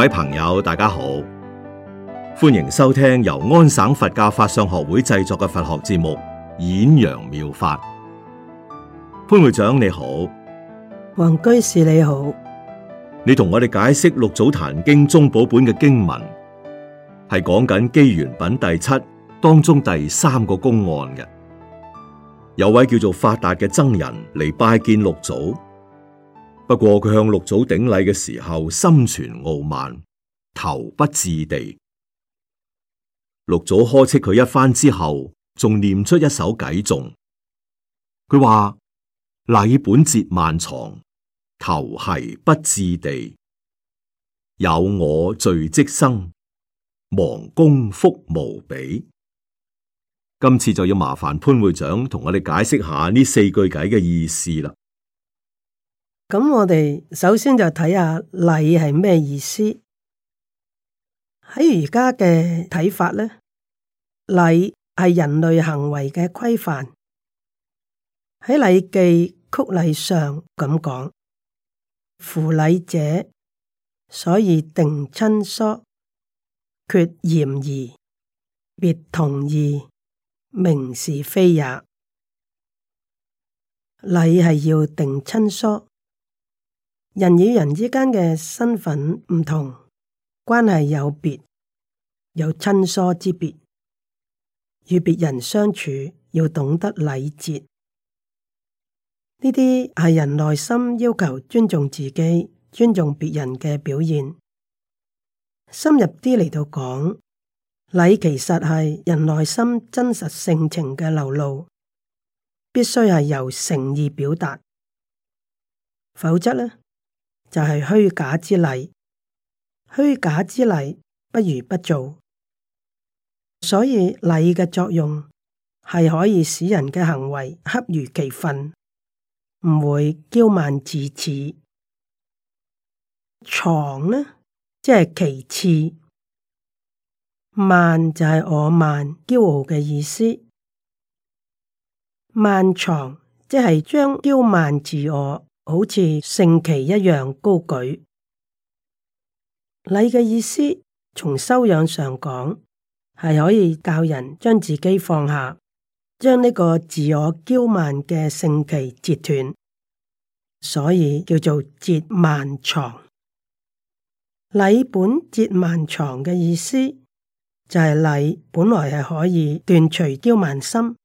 各位朋友，大家好，歡迎收聽由安省佛教法相學會製作嘅佛學節目《演揚妙，妙法》。潘會長你好，黃居士你好，你同我哋解釋《六祖壇經》中寶本嘅經文，係講緊《機緣品》第七當中第三個公案嘅。有位叫做法達嘅僧人嚟拜見六祖。不過佢向六祖頂禮嘅時候，心存傲慢，頭不至地。六祖呵斥佢一番之後，仲念出一首偈頌。佢話禮本折慢幢，頭奚不至地，有我罪即生，亡功福無比。今次就要麻煩潘會長同我哋解釋下呢四句偈嘅意思啦。咁我哋首先就睇下禮係咩意思？喺而家嘅睇法咧，禮係人類行為嘅規範。喺禮記曲禮上咁講：夫禮者，所以定親疏，決嫌疑，別同異，明是非也。禮係要定親疏。人與人之間嘅身份唔同，關係有別，有親疏之別。與別人相處要懂得禮節，呢啲係人內心要求尊重自己、尊重別人嘅表現。深入啲嚟到講禮，禮其實係人內心真實性情嘅流露，必須係由誠意表達，否則呢。就係虛假之禮，虛假之禮不如不做。所以禮嘅作用係可以使人嘅行為恰如其分，唔會驕慢自恃。藏呢，即係其次。慢就係我慢、驕傲嘅意思。慢藏即係將驕慢自我，好似聖旗一樣高舉，禮嘅意思從修養上講係可以教人將自己放下，將呢個自我驕慢嘅聖旗折斷，所以叫做折慢幢。禮本折慢幢嘅意思就係、是、禮本來係可以斷除驕慢心，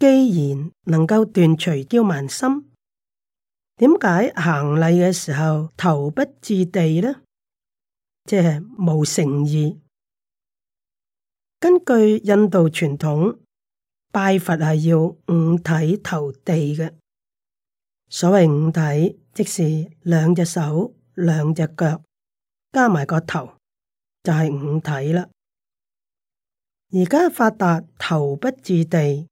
既然能夠斷除驕慢心。點解行禮嘅時候頭不至地呢？即係冇誠意。根據印度傳統，拜佛係要五體投地嘅。所謂五體，即是兩隻手、兩隻腳加埋個頭，就係、是、五體啦。而家發達頭不至地，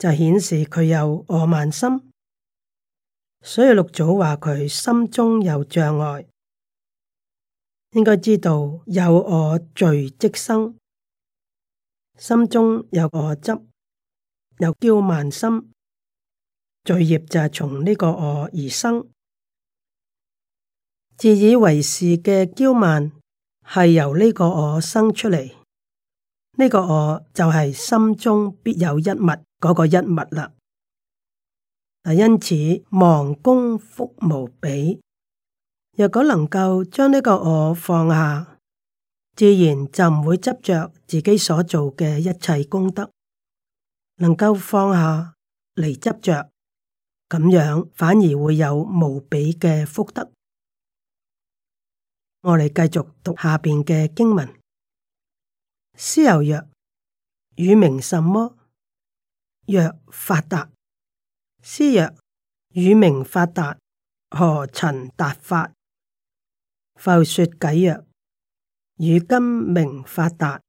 就顯示佢有傲慢心。所以六祖話佢心中有障礙，應該知道有我罪即生，心中有我執，有驕慢心，罪孽就係從呢個我而生，自以為是嘅驕慢係由呢個我生出嚟，呢、這個我就係心中必有一物，嗰、那個一物啦。因此，忘功福無比。若果能夠將呢個我放下，自然就唔會執着自己所做嘅一切功德。能夠放下嚟執着，咁樣反而會有無比嘅福德。我哋繼續讀下邊嘅經文。師又曰：汝名什麼？曰：法達。師曰：汝名法達，何曾達法？復說偈曰：汝今名法達，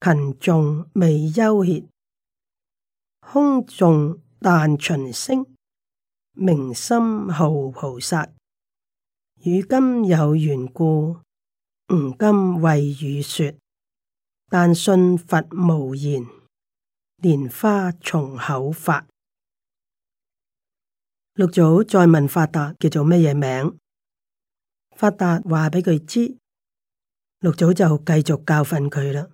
勤誦未休歇，空誦但循聲。明心號菩薩，汝今有緣故，吾今為汝說，但信佛無言，蓮花從口發。六祖再問法達叫做乜嘢名？法達話畀佢知，六祖就繼續教訓佢啦。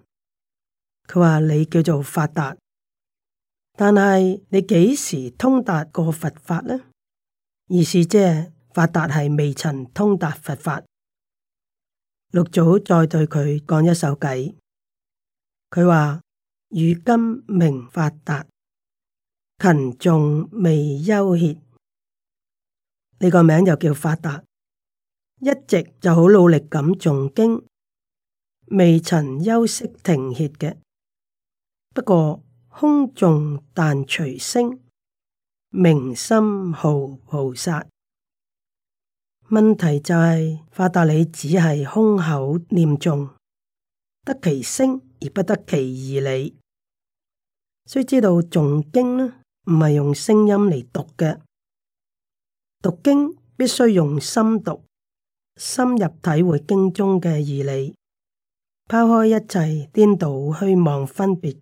佢話你叫做法達，但係你幾時通達過佛法呢？而、就是即法達係未曾通達佛法。六祖再對佢講一首偈，佢話：如今名法達，勤誦未休歇。你個名就叫法達，一直就好努力咁誦經，未曾休息停歇嘅。不過空誦但隨聲，明心號菩薩。問題就係、是、法達，你只係空口念誦，得其聲而不得其義理。須知道誦經啦，唔係用聲音嚟讀嘅。讀經必須用心讀，深入體會經中嘅義理，拋開一切顛倒虛妄分別，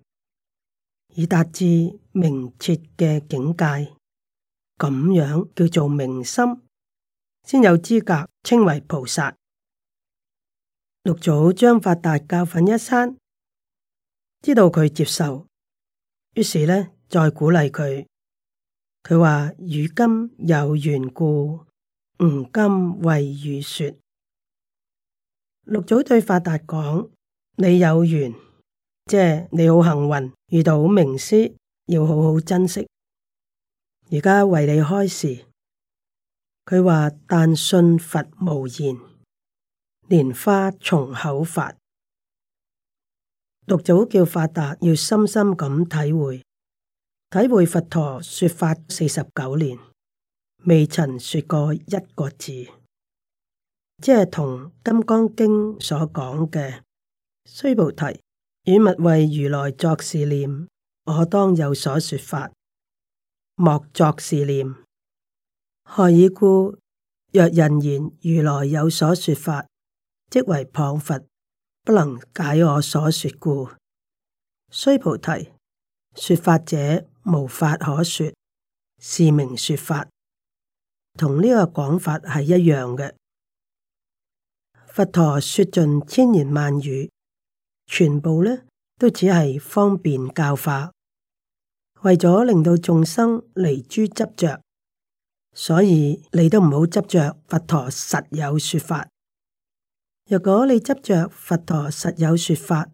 以達至明徹嘅境界。咁樣叫做明心，先有資格稱為菩薩。六祖將法達教訓一餐，知道佢接受，於是呢，再鼓勵佢。佢話：如今有緣故，吾今為汝說。六祖對法達講：你有緣，即係你好幸運遇到名師，要好好珍惜。而家為你開示，佢話：但信佛無言，蓮花從口發。六祖叫法達要深深咁體會。體會佛陀說法四十九年，未曾說過一個字，即係同《金剛經》所講嘅。須菩提，汝勿謂如來作是念：我當有所說法，莫作是念。何以故？若人言如來有所說法，即為謗佛，不能解我所說故。須菩提，說法者。無法可說，是名說法，同呢個講法係一樣嘅。佛陀說盡千言萬語，全部呢都只係方便教化，為咗令到眾生離諸執着。所以你都唔好執着，佛陀實有說法。若果你執着佛陀實有說法，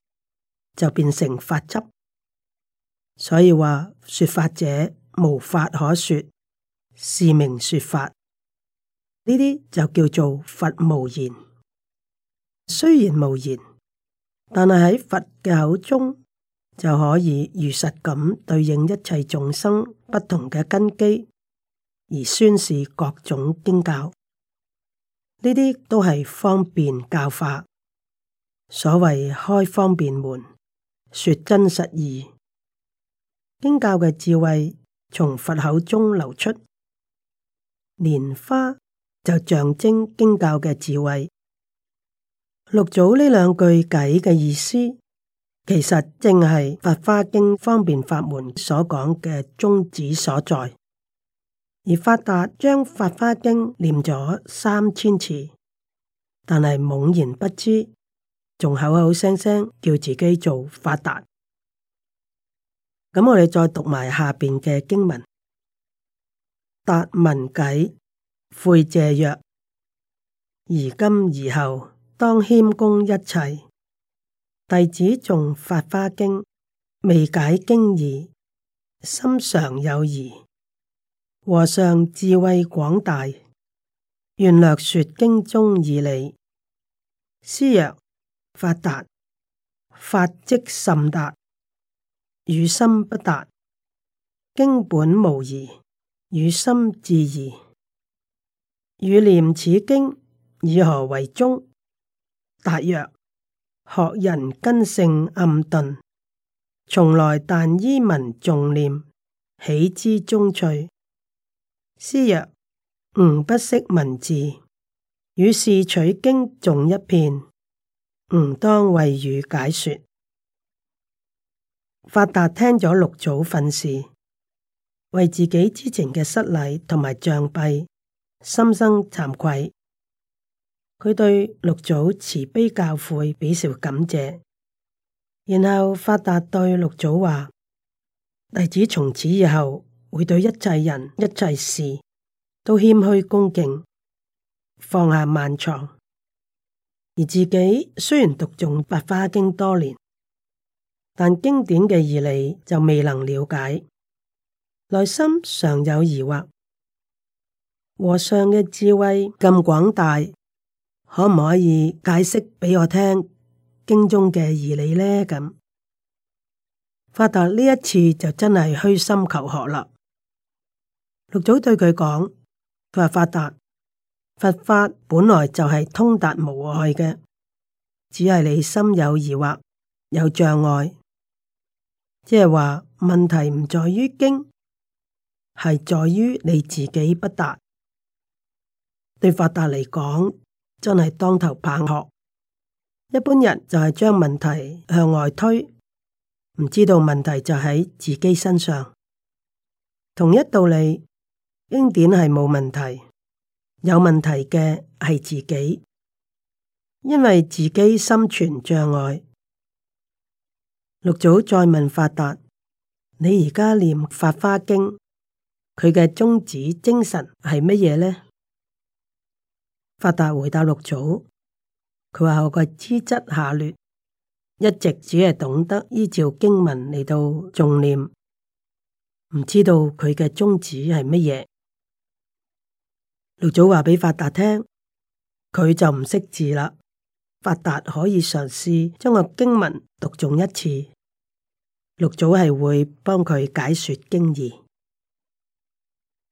就變成法執。所以話說，說法者無法可說，是名說法。呢啲就叫做佛無言。雖然無言，但係喺佛嘅口中就可以如實咁對應一切眾生不同嘅根基，而宣示各種經教。呢啲都係方便教法，所謂開方便門，說真實義。經教嘅智慧從佛口中流出，蓮花就象徵經教嘅智慧。六祖呢兩句偈嘅意思，其實正係《法華經》方便法門所講嘅宗旨所在。而法達將《法華經》念咗三千次，但係懵然不知，仲口口聲聲叫自己做法達。咁我哋再讀埋下邊嘅經文，達聞偈，悔謝曰：而今而後，當謙恭一切，弟子誦法華經，未解經義，心常有疑。和尚智慧廣大，願略說經中義理。師曰：法達，法即甚達。汝心不達，經本無疑；汝心自疑，汝念此經以何為宗？答曰：學人根性暗鈍，從來但依文誦念，豈知宗趣？師曰：吾不識文字，汝試取經誦一遍，吾當為汝解說。法達聽咗六祖訓示，為自己之前嘅失禮同埋象斃，心生慚愧。佢對六祖慈悲教誨，表示感謝。然後法達對六祖話：弟子從此以後，會對一切人一切事都謙虛恭敬，放下萬藏。而自己雖然讀誦《法華經》多年。但經典嘅義理就未能了解，內心常有疑惑。和尚嘅智慧咁廣大，可唔可以解釋畀我聽經中嘅義理呢？咁法達呢一次就真係虛心求學啦。六祖對佢講：佢話法達，佛法本來就係通達無礙嘅，只係你心有疑惑，有障礙。即係話，問題唔在於經，係在於你自己法達。對法達嚟講，真係當頭棒喝。一般人就係將問題向外推，唔知道問題就喺自己身上。同一道理，經典係冇問題，有問題嘅係自己，因為自己心存障礙。六祖再問法達：你而家念《法花經》，佢嘅宗旨精神係乜嘢呢？法達回答六祖：佢話我嘅資質下劣，一直只係懂得依照經文嚟到重念，唔知道佢嘅宗旨係乜嘢。六祖話畀法達聽：佢就唔識字啦。法達可以嘗試將個經文讀誦一次，六祖係會幫佢解說經義。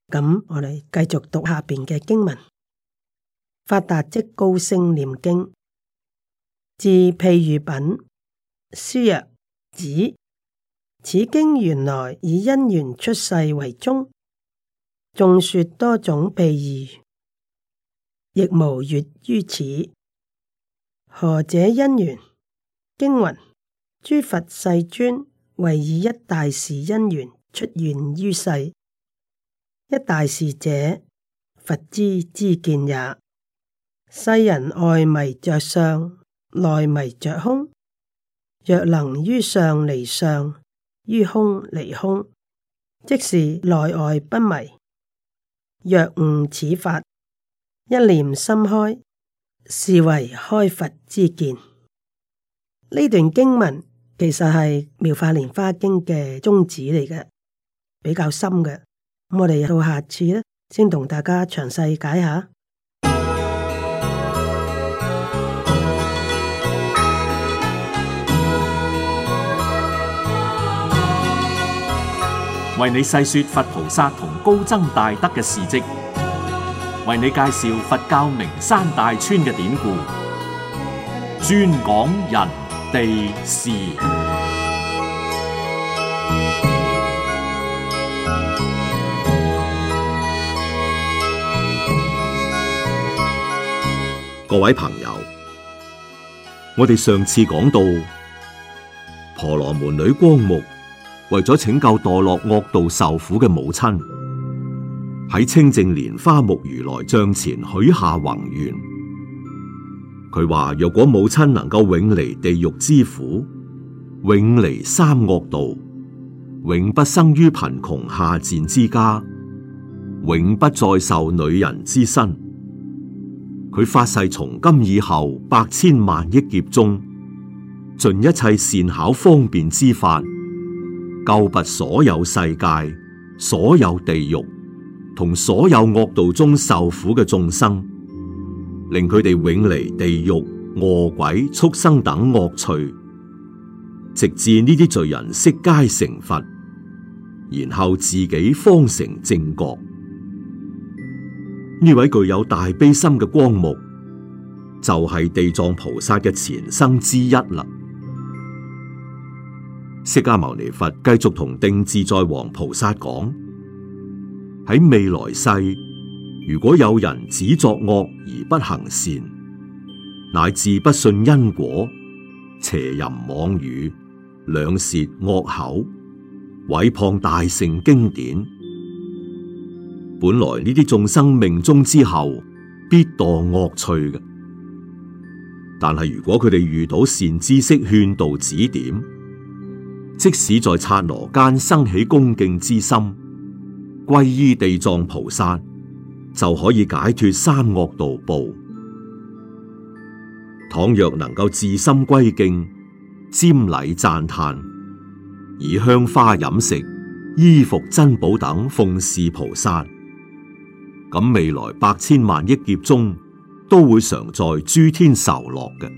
咁我哋繼續讀下邊嘅經文。法達即高聲念經，至譬喻品，師曰：止！此經原來以因緣出世為宗，縱說多種譬喻，亦無越於此。何者因緣？經云：諸佛世尊唯以一大事因緣出現於世。一大事者，佛之知見也。世人外迷着相，內迷着空。若能於相離相，於空離空，即是內外不迷。若悟此法，一念心開。是為開佛之見，呢段經文其實係《妙法蓮花經》嘅宗旨嚟嘅，比較深嘅。咁我哋到下次咧，先同大家詳細解下。為你細說佛菩薩同高僧大德嘅事跡。為你介紹佛教名山大川嘅典故，專講人地事。各位朋友，我哋上次講到婆羅門女光目為咗拯救墮落惡道受苦嘅母親，喺清正蓮花木如來像前許下宏願，佢話：若果母親能夠永離地獄之苦，永離三惡道，永不生於貧窮下賤之家，永不再受女人之身，佢發誓從今以後百千萬億劫中，盡一切善巧方便之法，救拔所有世界所有地獄。同所有惡道中受苦嘅眾生，令佢哋永離地獄、餓鬼、畜生等惡趣，直至呢啲罪人悉皆成佛，然後自己方成正覺。呢位具有大悲心嘅光目，就係、是、地藏菩薩嘅前生之一啦。釋迦牟尼佛繼續同定自在王菩薩講。喺未來世，如果有人只作惡而不行善，乃至不信因果、邪淫妄語、兩舌惡口、毀謗大乘經典，本來呢啲眾生命中之後必墮惡趣嘅。但係如果佢哋遇到善知識勸導指點，即使在剎那間生起恭敬之心。歸依地藏菩薩，就可以解脫三惡道報。倘若能夠自心歸敬、瞻禮讚歎，以香花飲食、衣服珍寶等奉事菩薩，咁未來百千萬億劫中都會常在諸天受樂嘅。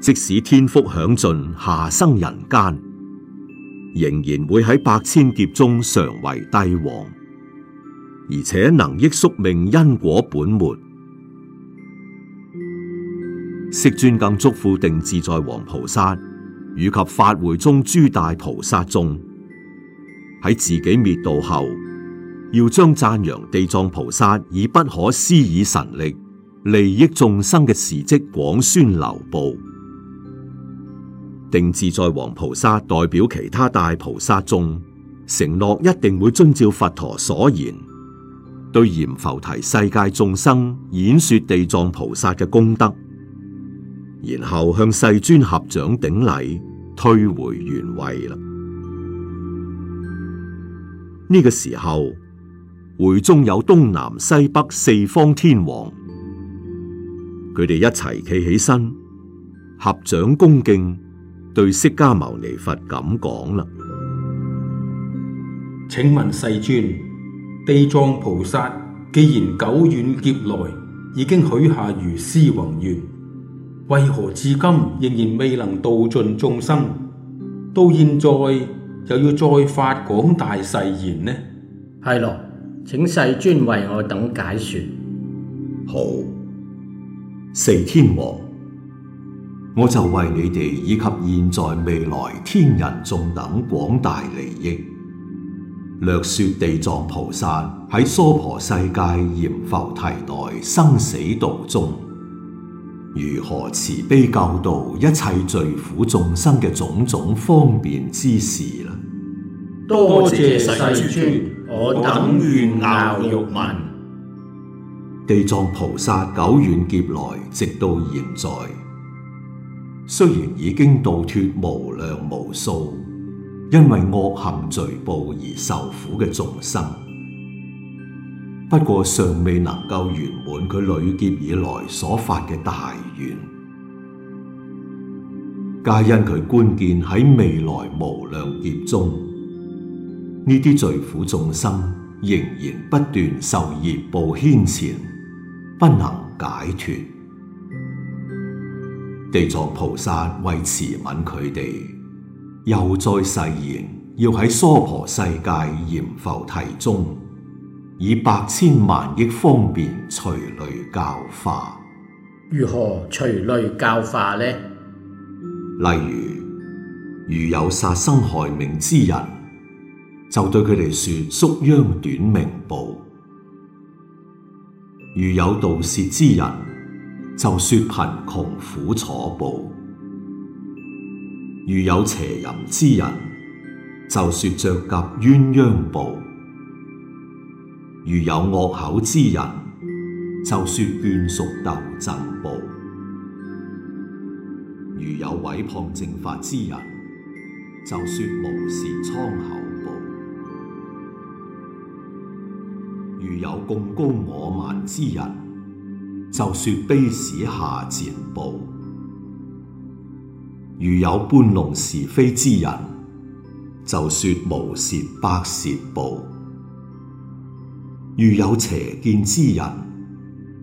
即使天福享盡，下生人間。仍然會喺百千劫中常為帝王，而且能益宿命因果本末。釋尊更囑咐定自在王菩薩，以及法會中諸大菩薩中，喺自己滅度後，要將讚揚地藏菩薩以不可思議神力利益眾生嘅事跡廣宣流布。定自在王菩薩代表其他大菩薩眾承諾，一定會遵照佛陀所言，對嚴浮提世界眾生演說地藏菩薩嘅功德，然後向世尊合掌頂禮，退回原位啦。呢、這個時候，會中有東南西北四方天王，佢哋一齊企起身，合掌恭敬。對釋迦牟尼佛咁講啦，請問世尊，地藏菩薩既然久遠劫來已經許下如斯宏願，為何至今仍然未能度盡眾生？到現在又要再發廣大誓言呢？係咯，請世尊為我等解說。好，四天王。我就為你哋以及現在未來天人眾等廣大利益，略說地藏菩薩喺娑婆世界閻浮提內生死道中，如何慈悲教導一切罪苦眾生嘅種種方便之事啦。多謝世尊，我等願樂欲聞。地藏菩薩久遠劫來，直到現在。雖然已經度脫無量無數因為惡行罪報而受苦嘅眾生，不過尚未能夠圓滿佢累劫以來所發嘅大願，皆因佢觀見喺未來無量劫中，呢啲罪苦眾生仍然不斷受業報牽纏，不能解脫。地藏菩薩為慈憫佢哋，又再誓言要喺娑婆世界閻浮提中，以百千萬億方便隨類教化。如何隨類教化呢？例如，如有殺生害命之人，就對佢哋說宿殃短命報；如有盜竊之人，就說貧窮苦楚報，如有邪淫之人，就說雀鴿鴛鴦報；如有惡口之人，就說眷屬鬥諍報；如有毀謗正法之人，就說無舌瘡口報；如有貢高我慢之人，就說卑使下賤報，如有搬弄是非之人；就說無舌百舌報，如有邪見之人；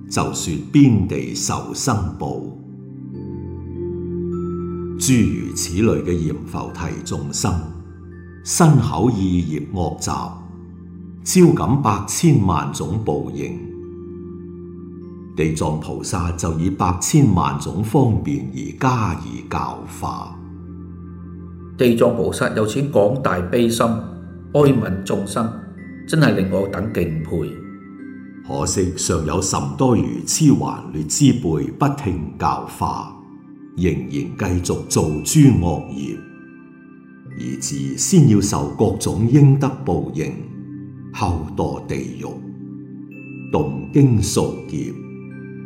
就說邊地受生報。諸如此類嘅閻浮提眾生，身口意業惡習，招感百千萬種報應。地藏菩薩就以百千萬種方便而加以教化。地藏菩薩有此廣大悲心，哀憫眾生，真係令我等敬佩。可惜尚有甚多愚痴、頑劣之輩，不聽教化，仍然繼續做諸惡業，以致先要受各種應得報應，後墮地獄，動經數劫。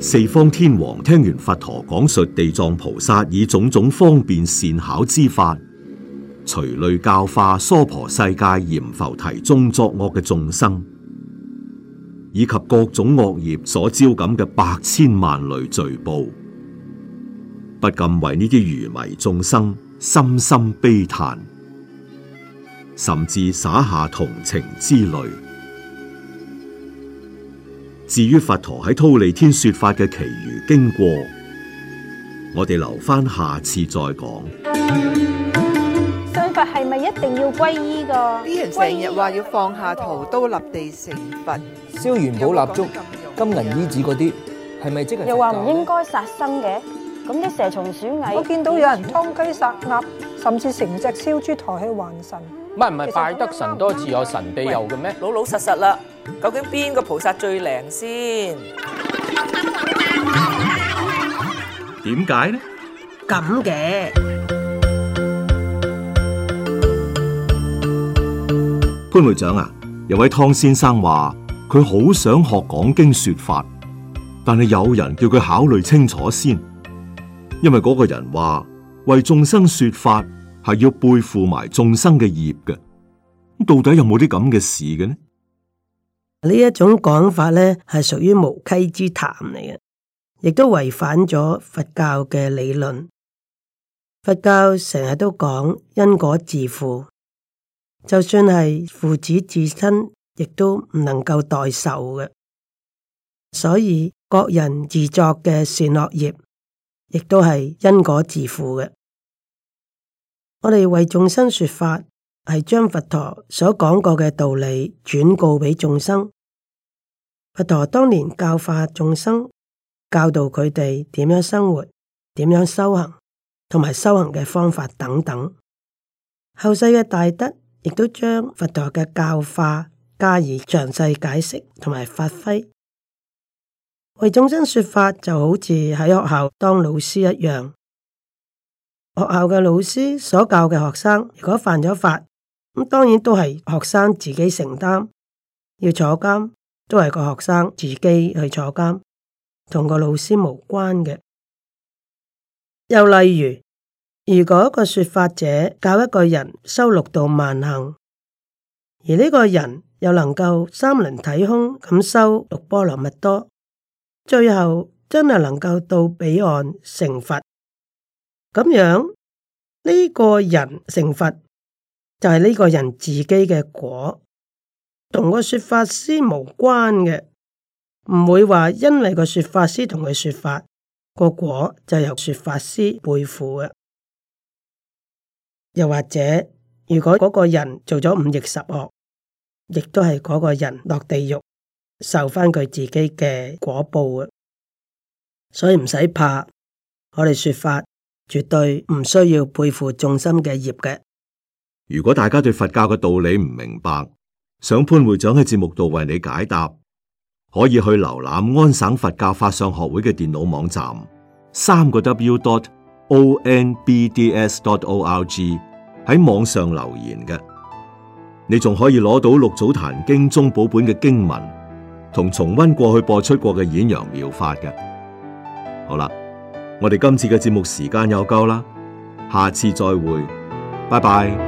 四方天王聽完佛陀講述地藏菩薩以種種方便善巧之法，隨類教化娑婆世界閻浮提中作惡嘅眾生，以及各種惡業所招感嘅百千萬類罪報，不禁為呢啲愚迷眾生深深悲嘆，甚至灑下同情之淚。至於佛陀喺忉利天說法嘅其餘經過，我哋留翻下，下次再講。信佛係咪一定要皈依㗎？啲人成日話要放下屠刀立地成佛，燒元寶蠟燭、有有金銀衣紙嗰啲，係咪即係？又話唔應該殺生嘅，咁啲蛇蟲鼠蟻，我見到有人劏雞殺鴨，甚至成隻燒豬抬去還神。唔係唔係，拜得神多自有神庇佑嘅咩？老老實實啦。究竟邊個菩薩最靈先？點解呢？咁嘅潘會長啊，有位湯先生話佢好想學講經說法，但係有人叫佢考慮清楚先，因為嗰個人話為眾生說法係要背負埋眾生嘅業嘅，到底有冇啲咁嘅事嘅呢？呢一種講法呢，係屬於無稽之談嚟嘅，亦都違反咗佛教嘅理論。佛教成日都講因果自負，就算係父子至親，亦都唔能夠代受嘅。所以，各人自作嘅善惡業，亦都係因果自負嘅。我哋為眾生說法。係將佛陀所講過嘅道理轉告俾眾生。佛陀當年教化眾生，教導佢哋點樣生活、點樣修行，同埋修行嘅方法等等。後世嘅大德亦都將佛陀嘅教化加以詳細解釋同埋發揮。為眾生說法就好似喺學校當老師一樣。學校嘅老師所教嘅學生，如果犯咗法。咁當然都係學生自己承擔，要坐監都係個學生自己去坐監，同個老師無關嘅。又例如，如果一個說法者教一個人修六道萬行，而呢個人又能夠三輪體空咁修六波羅蜜多，最後真係能夠到彼岸成佛，咁樣呢個人成佛。就係呢個人自己嘅果，同個說法師無關嘅，唔會話因為個說法師同佢說法，個果就由說法師背負嘅。又或者，如果嗰個人做咗五逆十惡，亦都係嗰個人落地獄受返佢自己嘅果報啊！所以唔使怕，我哋說法絕對唔需要背負眾生嘅業嘅。如果大家對佛教嘅道理唔明白，想潘會長喺節目度為你解答，可以去瀏覽安省佛教法相學會嘅電腦網站，三個 W dot O N B D S dot O R G 喺網上留言嘅。你仲可以攞到六祖壇經宗寶本嘅經文，同重温過去播出過嘅演揚妙法嘅。好啦，我哋今次嘅節目時間又夠啦，下次再會，拜拜。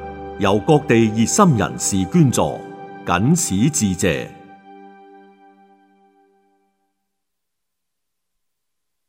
由各地熱心人士捐助，謹此致謝。